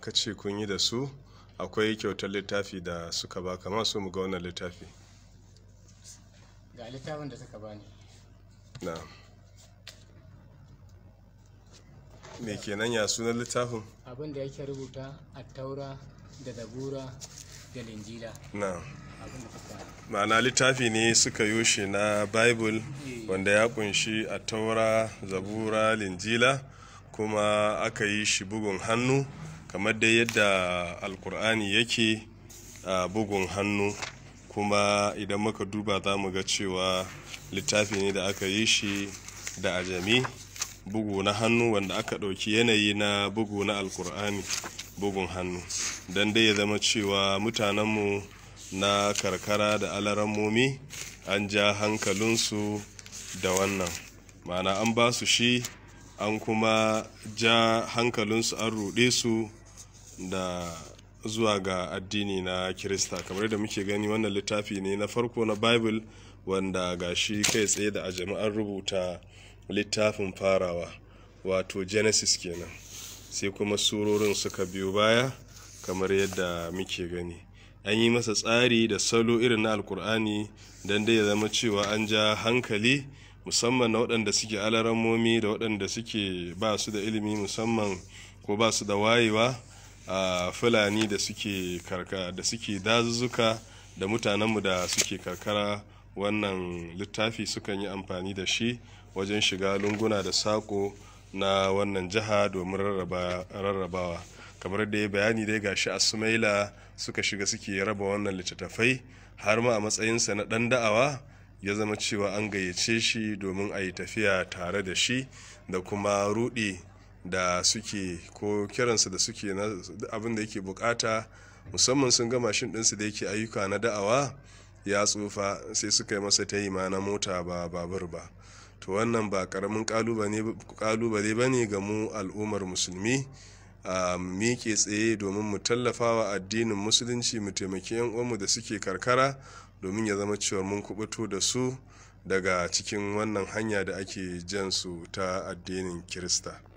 ka ce kun yi da su akwai kyautar littafi da suka ba kamar su mu ga wannan littafi ga littafin da suka bani na me kenan ya sunan littafin abin da yake rubuta a taura da dabura da linjila na ma'ana littafi ne suka yoshe na bible eh. wanda ya kunshi a taura zabura linjila kuma aka yi shi bugun hannu kamar dai yadda alkur'ani yake a bugun hannu kuma idan muka duba za mu ga cewa littafi ne da aka yi shi da ajami bugu na hannu wanda aka ɗauki yanayi na bugu na alkur'ani bugun hannu don dai ya zama cewa mutanenmu na karkara da alarammomi an ja hankalinsu da wannan ma'ana an ba su shi an kuma ja hankalinsu an ruɗe su da zuwa ga addini na kirista kamar da muke gani wannan littafi ne na farko na bible wanda ga shi kai tsaye da a jama'ar rubuta littafin farawa wato genesis kenan sai kuma surorin suka biyo baya kamar yadda muke gani an yi masa tsari da salo irin na alkur'ani don dai zama cewa an ja hankali musamman na waɗanda suke alaramomi da waɗanda suke ba su da ilimi musamman ko ba su da wayewa a fulani da suke karka da suke dazuzzuka da mutanenmu da suke karkara wannan littafi sukan yi amfani da shi wajen shiga lunguna da sako na wannan jiha domin rarrabawa kamar da ya bayani dai gashi a sumaila suka shiga suke raba wannan littattafai har ma a matsayinsa na ɗan da'awa ya zama cewa an gayyace shi domin a yi tafiya tare da shi da kuma rudi da suke ko kiransa da suke abin da yake bukata musamman sun gama mashin ɗinsu da yake ayyuka na da'awa ya tsufa sai suka yi masa tayi na mota ba babur ba to wannan ba karamin kalubale ba ne ga mu al'ummar musulmi a miƙe tsaye domin mu tallafa wa addinin musulunci mu taimaki 'yan uwanmu da suke karkara domin ya zama cewa mun kubuto da su daga cikin wannan hanya da ake jan su ta addinin kirista